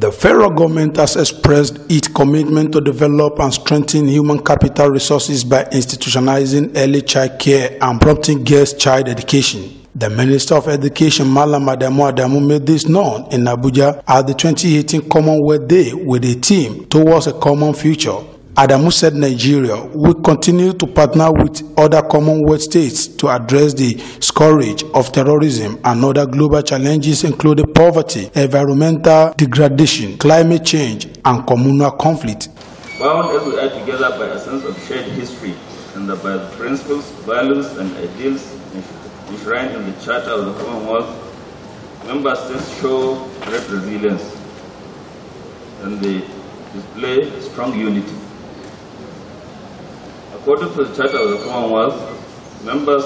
The federal government has expressed its commitment to develop and strengthen human capital resources by institutionalizing early child care and prompting girls' child education. The Minister of Education, Malam Adamu Adamu, made this known in Abuja at the 2018 Commonwealth Day with a team towards a common future. Adamu said Nigeria will continue to partner with other Commonwealth states to address the scourge of terrorism and other global challenges including poverty, environmental degradation, climate change, and communal conflict. Bound are together by a sense of shared history and by the principles, values, and ideals enshrined in the Charter of the Commonwealth, member states show great resilience and they display strong unity. According to the Charter of the Commonwealth, members,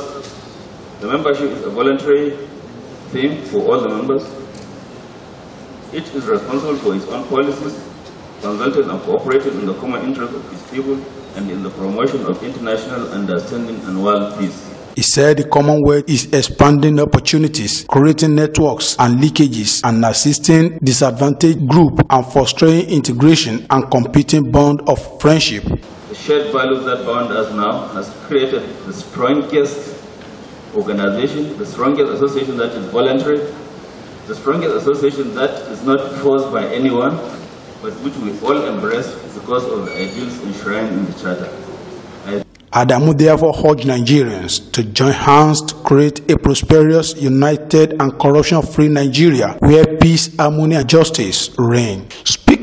the membership is a voluntary thing for all the members. Each is responsible for its own policies, consulted and cooperated in the common interest of its people and in the promotion of international understanding and world peace. He said the Commonwealth is expanding opportunities, creating networks and leakages, and assisting disadvantaged groups and fostering integration and competing bond of friendship shared values that bound us now has created the strongest organization, the strongest association that is voluntary, the strongest association that is not forced by anyone, but which we all embrace because of the ideals enshrined in the Charter. Adamu therefore urged Nigerians to join hands to create a prosperous, united, and corruption-free Nigeria where peace, harmony, and justice reign.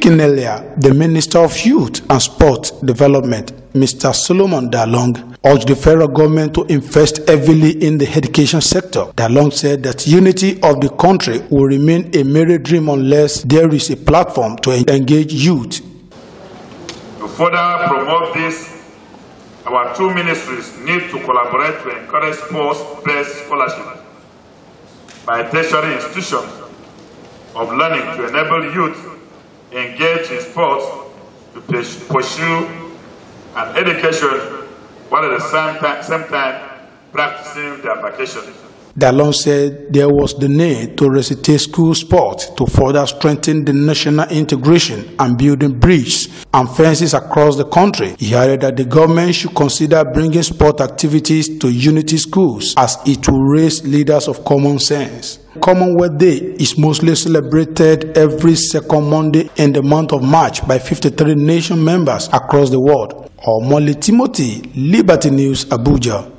Kinelea, the Minister of Youth and Sport Development, Mr. Solomon Dalong, urged the federal government to invest heavily in the education sector. Dalong said that unity of the country will remain a mere dream unless there is a platform to engage youth. To further promote this, our two ministries need to collaborate to encourage sports-based scholarships by tertiary institutions of learning to enable youth engage in sports to pursue an education while at the same time, same time practicing their vocation. Dalon said there was the need to recite school sports to further strengthen the national integration and building bridges and fences across the country. He added that the government should consider bringing sport activities to unity schools as it will raise leaders of common sense. Commonwealth Day is mostly celebrated every second Monday in the month of March by 53 nation members across the world. Omole Timothy, Liberty News, Abuja.